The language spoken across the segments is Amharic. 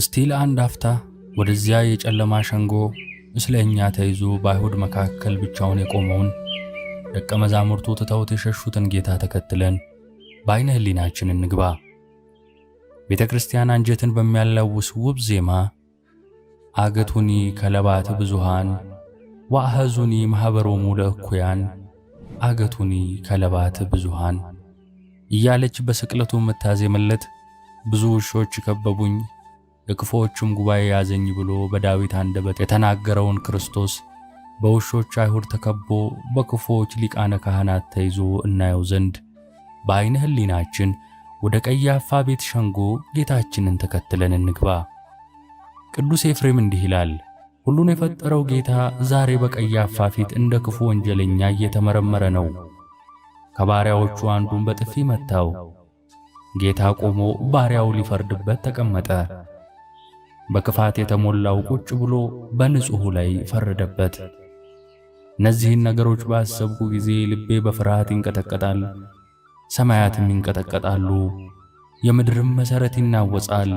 እስቲ ለአንድ አፍታ ወደዚያ የጨለማ ሸንጎ ስለ እኛ ተይዞ በአይሁድ መካከል ብቻውን የቆመውን ደቀ መዛሙርቱ ትተውት የሸሹትን ጌታ ተከትለን በዓይነ ህሊናችን እንግባ። ቤተ ክርስቲያን አንጀትን በሚያላውስ ውብ ዜማ አገቱኒ ከለባት ብዙሃን ዋአኸዙኒ ማኅበሮሙ ለእኩያን አገቱኒ ከለባት ብዙሃን እያለች በስቅለቱ የምታዜምለት ብዙ ውሾች ከበቡኝ የክፉዎቹም ጉባኤ ያዘኝ ብሎ በዳዊት አንደበት የተናገረውን ክርስቶስ በውሾች አይሁድ ተከቦ በክፉዎች ሊቃነ ካህናት ተይዞ እናየው ዘንድ በዐይነ ሕሊናችን ወደ ቀያፋ ቤት ሸንጎ ጌታችንን ተከትለን እንግባ። ቅዱስ ኤፍሬም እንዲህ ይላል፣ ሁሉን የፈጠረው ጌታ ዛሬ በቀያፋ ፊት እንደ ክፉ ወንጀለኛ እየተመረመረ ነው። ከባሪያዎቹ አንዱን በጥፊ መታው። ጌታ ቆሞ ባሪያው ሊፈርድበት ተቀመጠ። በክፋት የተሞላው ቁጭ ብሎ በንጹሑ ላይ ፈረደበት። እነዚህን ነገሮች ባሰብኩ ጊዜ ልቤ በፍርሃት ይንቀጠቀጣል፣ ሰማያትም ይንቀጠቀጣሉ፣ የምድርም መሠረት ይናወጻል።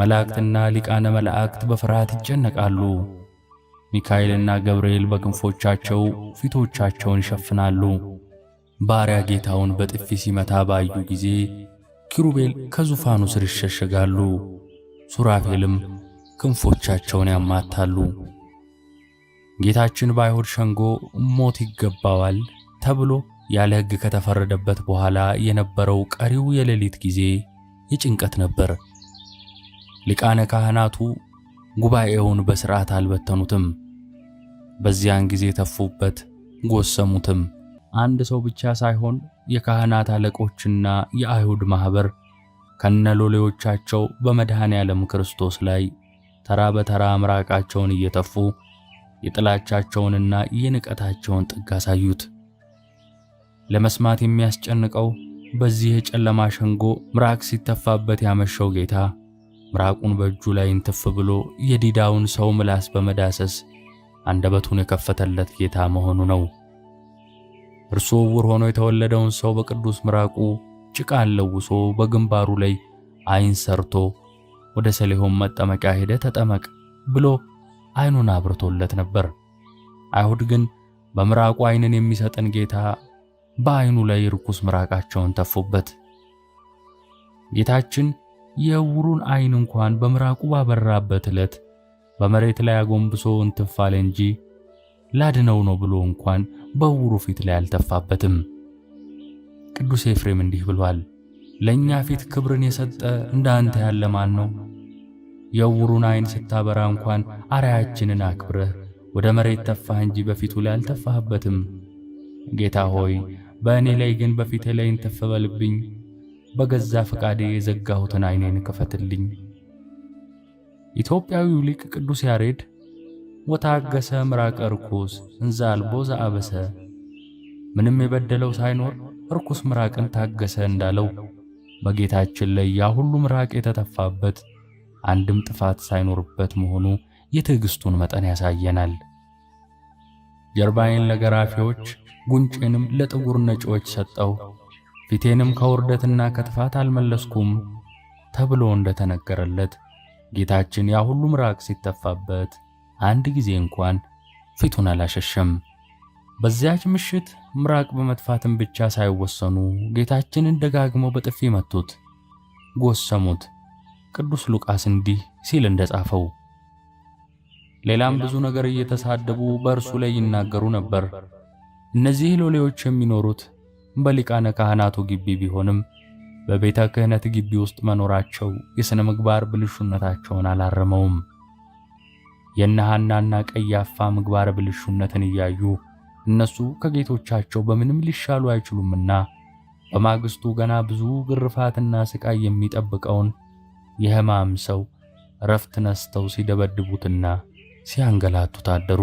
መላእክትና ሊቃነ መላእክት በፍርሃት ይጨነቃሉ። ሚካኤልና ገብርኤል በክንፎቻቸው ፊቶቻቸውን ይሸፍናሉ። ባሪያ ጌታውን በጥፊ ሲመታ ባዩ ጊዜ ኪሩቤል ከዙፋኑ ስር ይሸሸጋሉ። ሱራፌልም ክንፎቻቸውን ያማታሉ። ጌታችን በአይሁድ ሸንጎ ሞት ይገባዋል ተብሎ ያለ ሕግ ከተፈረደበት በኋላ የነበረው ቀሪው የሌሊት ጊዜ የጭንቀት ነበር። ሊቃነ ካህናቱ ጉባኤውን በሥርዓት አልበተኑትም። በዚያን ጊዜ ተፉበት፣ ጎሰሙትም። አንድ ሰው ብቻ ሳይሆን የካህናት አለቆችና የአይሁድ ማኅበር ከነሎሌዎቻቸው በመድኃኔ ዓለም ክርስቶስ ላይ ተራ በተራ ምራቃቸውን እየተፉ የጥላቻቸውንና የንቀታቸውን ጥግ አሳዩት። ለመስማት የሚያስጨንቀው በዚህ የጨለማ ሸንጎ ምራቅ ሲተፋበት ያመሸው ጌታ ምራቁን በእጁ ላይ እንትፍ ብሎ የዲዳውን ሰው ምላስ በመዳሰስ አንደበቱን የከፈተለት ጌታ መሆኑ ነው። እርሱ ዕውር ሆኖ የተወለደውን ሰው በቅዱስ ምራቁ ጭቃን ለውሶ በግንባሩ ላይ አይን ሰርቶ ወደ ሰሊሆም መጠመቂያ ሄደ ተጠመቅ ብሎ አይኑን አብርቶለት ነበር። አይሁድ ግን በምራቁ አይንን የሚሰጠን ጌታ በአይኑ ላይ ርኩስ ምራቃቸውን ተፉበት። ጌታችን የዕውሩን አይን እንኳን በምራቁ ባበራበት ዕለት በመሬት ላይ አጎንብሶ እንትፋለ እንጂ ላድነው ነው ብሎ እንኳን በዕውሩ ፊት ላይ አልተፋበትም። ቅዱስ ኤፍሬም እንዲህ ብሏል፣ ለእኛ ፊት ክብርን የሰጠ እንደ አንተ ያለ ማን ነው? የዕውሩን ዓይን ስታበራ እንኳን አርአያችንን አክብረህ ወደ መሬት ተፋህ እንጂ በፊቱ ላይ አልተፋህበትም። ጌታ ሆይ በእኔ ላይ ግን በፊቴ ላይ እንተፈበልብኝ፣ በገዛ ፈቃዴ የዘጋሁትን ዓይኔን ክፈትልኝ። ኢትዮጵያዊው ሊቅ ቅዱስ ያሬድ ወታገሰ ምራቀ ርኩስ እንዘ አልቦ ዘአበሰ ምንም የበደለው ሳይኖር ርኩስ ምራቅን ታገሰ እንዳለው በጌታችን ላይ ያ ሁሉ ምራቅ የተተፋበት አንድም ጥፋት ሳይኖርበት መሆኑ የትዕግስቱን መጠን ያሳየናል። ጀርባዬን ለገራፊዎች ጉንጬንም ለጥጉር ነጪዎች ሰጠው፣ ፊቴንም ከውርደትና ከጥፋት አልመለስኩም ተብሎ እንደተነገረለት ጌታችን ያ ሁሉ ምራቅ ሲተፋበት አንድ ጊዜ እንኳን ፊቱን አላሸሸም። በዚያች ምሽት ምራቅ በመጥፋትም ብቻ ሳይወሰኑ ጌታችንን ደጋግመው በጥፊ መቱት፣ ጎሰሙት። ቅዱስ ሉቃስ እንዲህ ሲል እንደጻፈው ሌላም ብዙ ነገር እየተሳደቡ በእርሱ ላይ ይናገሩ ነበር። እነዚህ ሎሌዎች የሚኖሩት በሊቃነ ካህናቱ ግቢ ቢሆንም በቤተ ክህነት ግቢ ውስጥ መኖራቸው የሥነ ምግባር ብልሹነታቸውን አላረመውም። የነሐናና ቀያፋ ምግባር ብልሹነትን እያዩ እነሱ ከጌቶቻቸው በምንም ሊሻሉ አይችሉምና በማግስቱ ገና ብዙ ግርፋትና ስቃይ የሚጠብቀውን የሕማም ሰው እረፍት ነስተው ሲደበድቡትና ሲያንገላቱት አደሩ።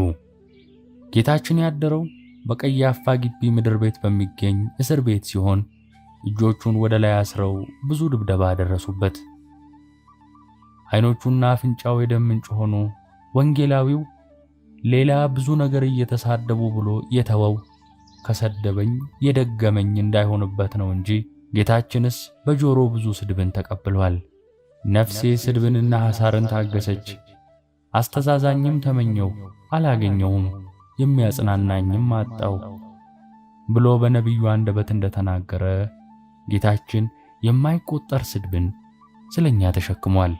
ጌታችን ያደረው በቀያፋ ግቢ ምድር ቤት በሚገኝ እስር ቤት ሲሆን እጆቹን ወደ ላይ አስረው ብዙ ድብደባ ደረሱበት። ዓይኖቹና አፍንጫው የደም ምንጭ ሆኖ ወንጌላዊው ሌላ ብዙ ነገር እየተሳደቡ ብሎ የተወው ከሰደበኝ የደገመኝ እንዳይሆንበት ነው እንጂ ጌታችንስ በጆሮ ብዙ ስድብን ተቀብሏል። ነፍሴ ስድብንና ሐሳርን ታገሰች። አስተዛዛኝም ተመኘው አላገኘውም፣ የሚያጽናናኝም አጣው ብሎ በነቢዩ አንደበት እንደተናገረ ጌታችን የማይቆጠር ስድብን ስለኛ ተሸክሟል።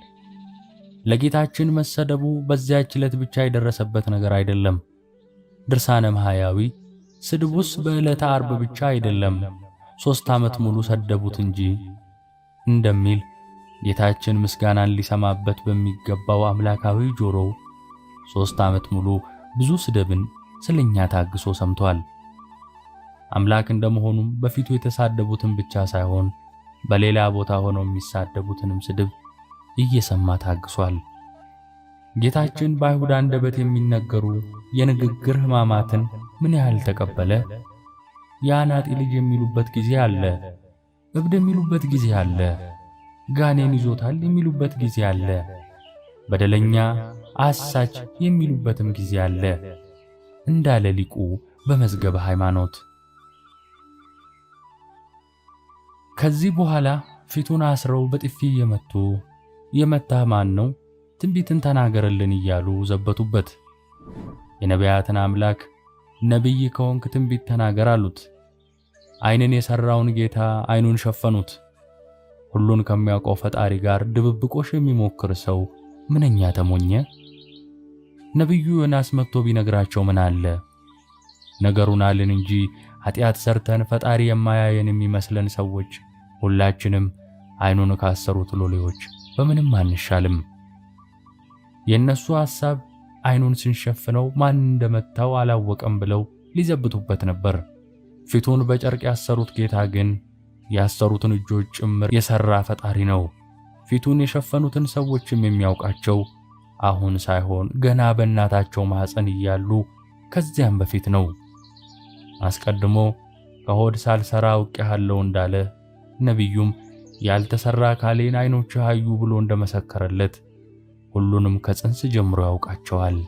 ለጌታችን መሰደቡ በዚያች ዕለት ብቻ የደረሰበት ነገር አይደለም። ድርሳነ ማህያዊ ስድቡስ በዕለተ ዓርብ ብቻ አይደለም ሦስት ዓመት ሙሉ ሰደቡት እንጂ እንደሚል ጌታችን ምስጋናን ሊሰማበት በሚገባው አምላካዊ ጆሮ ሦስት ዓመት ሙሉ ብዙ ስድብን ስለኛ ታግሶ ሰምቷል። አምላክ እንደመሆኑም በፊቱ የተሳደቡትን ብቻ ሳይሆን በሌላ ቦታ ሆነው የሚሳደቡትንም ስድብ እየሰማ ታግሷል። ጌታችን በአይሁድ አንደበት የሚነገሩ የንግግር ሕማማትን ምን ያህል ተቀበለ? የአናጢ ልጅ የሚሉበት ጊዜ አለ። እብድ የሚሉበት ጊዜ አለ። ጋኔን ይዞታል የሚሉበት ጊዜ አለ። በደለኛ አሳች የሚሉበትም ጊዜ አለ እንዳለ ሊቁ በመዝገበ ሃይማኖት። ከዚህ በኋላ ፊቱን አስረው በጥፊ እየመቱ የመታ ማን ነው? ትንቢትን ተናገርልን እያሉ ዘበቱበት። የነቢያትን አምላክ ነቢይ ከሆንክ ትንቢት ተናገር አሉት። ዓይንን የሰራውን ጌታ ዓይኑን ሸፈኑት። ሁሉን ከሚያውቀው ፈጣሪ ጋር ድብብቆሽ የሚሞክር ሰው ምንኛ ተሞኘ። ነቢዩ ዮናስ መጥቶ ቢነግራቸው ምን አለ? ነገሩን አልን እንጂ ኃጢአት ሰርተን ፈጣሪ የማያየን የሚመስለን ሰዎች ሁላችንም ዓይኑን ካሰሩት ሎሌዎች በምንም አንሻልም። የእነሱ ሐሳብ አይኑን ስንሸፍነው ማን እንደመታው አላወቀም ብለው ሊዘብቱበት ነበር። ፊቱን በጨርቅ ያሰሩት ጌታ ግን ያሰሩትን እጆች ጭምር የሰራ ፈጣሪ ነው። ፊቱን የሸፈኑትን ሰዎችም የሚያውቃቸው አሁን ሳይሆን ገና በእናታቸው ማኅፀን እያሉ ከዚያም በፊት ነው። አስቀድሞ ከሆድ ሳልሰራ አውቄሃለሁ እንዳለ ነቢዩም ያልተሰራ አካሌን አይኖችህ አዩ ብሎ እንደመሰከረለት ሁሉንም ከጽንስ ጀምሮ ያውቃቸዋል።